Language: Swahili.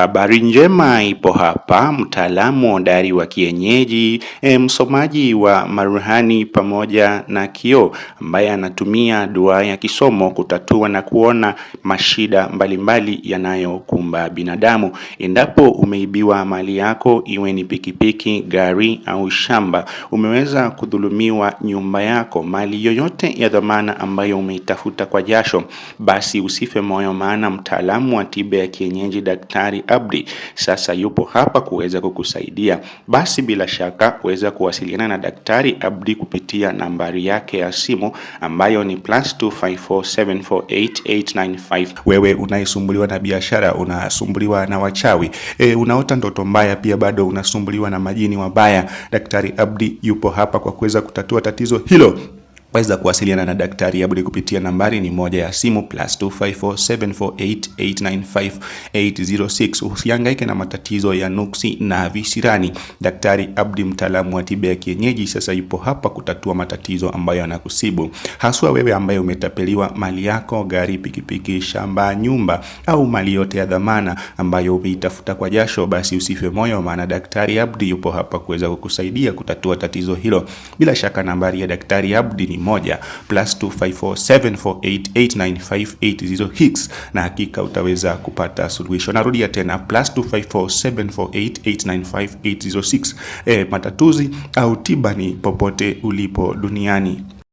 Habari njema ipo hapa, mtaalamu hodari wa kienyeji e, msomaji wa maruhani pamoja na kioo ambaye anatumia dua ya kisomo kutatua na kuona mashida mbalimbali yanayokumba binadamu. Endapo umeibiwa mali yako, iwe ni pikipiki, gari au shamba, umeweza kudhulumiwa nyumba yako, mali yoyote ya dhamana ambayo umeitafuta kwa jasho, basi usife moyo, maana mtaalamu wa tiba ya kienyeji daktari Abdi sasa yupo hapa kuweza kukusaidia. Basi bila shaka weza kuwasiliana na Daktari Abdi kupitia nambari yake ya simu ambayo ni plus 2547488895. Wewe unayesumbuliwa na biashara, unasumbuliwa na wachawi e, unaota ndoto mbaya, pia bado unasumbuliwa na majini wabaya, Daktari Abdi yupo hapa kwa kuweza kutatua tatizo hilo. Waweza kuwasiliana na Daktari abdi kupitia nambari ni moja ya simu plus 254748895806. Usihangaike na matatizo ya nuksi na visirani. Daktari Abdi, mtaalamu wa tiba ya kienyeji, sasa yupo hapa kutatua matatizo ambayo yanakusibu haswa wewe ambaye umetapeliwa mali yako, gari, pikipiki, shamba, nyumba au mali yote ya dhamana ambayo umeitafuta kwa jasho. Basi usife moyo, maana Daktari Abdi yupo hapa kuweza kukusaidia kutatua tatizo hilo. Bila shaka nambari ya Daktari Abdi ni moja plus 2547488958 Hicks, na hakika utaweza kupata suluhisho. Narudia tena plus 2547488958 E, eh, matatuzi au tiba ni popote ulipo duniani.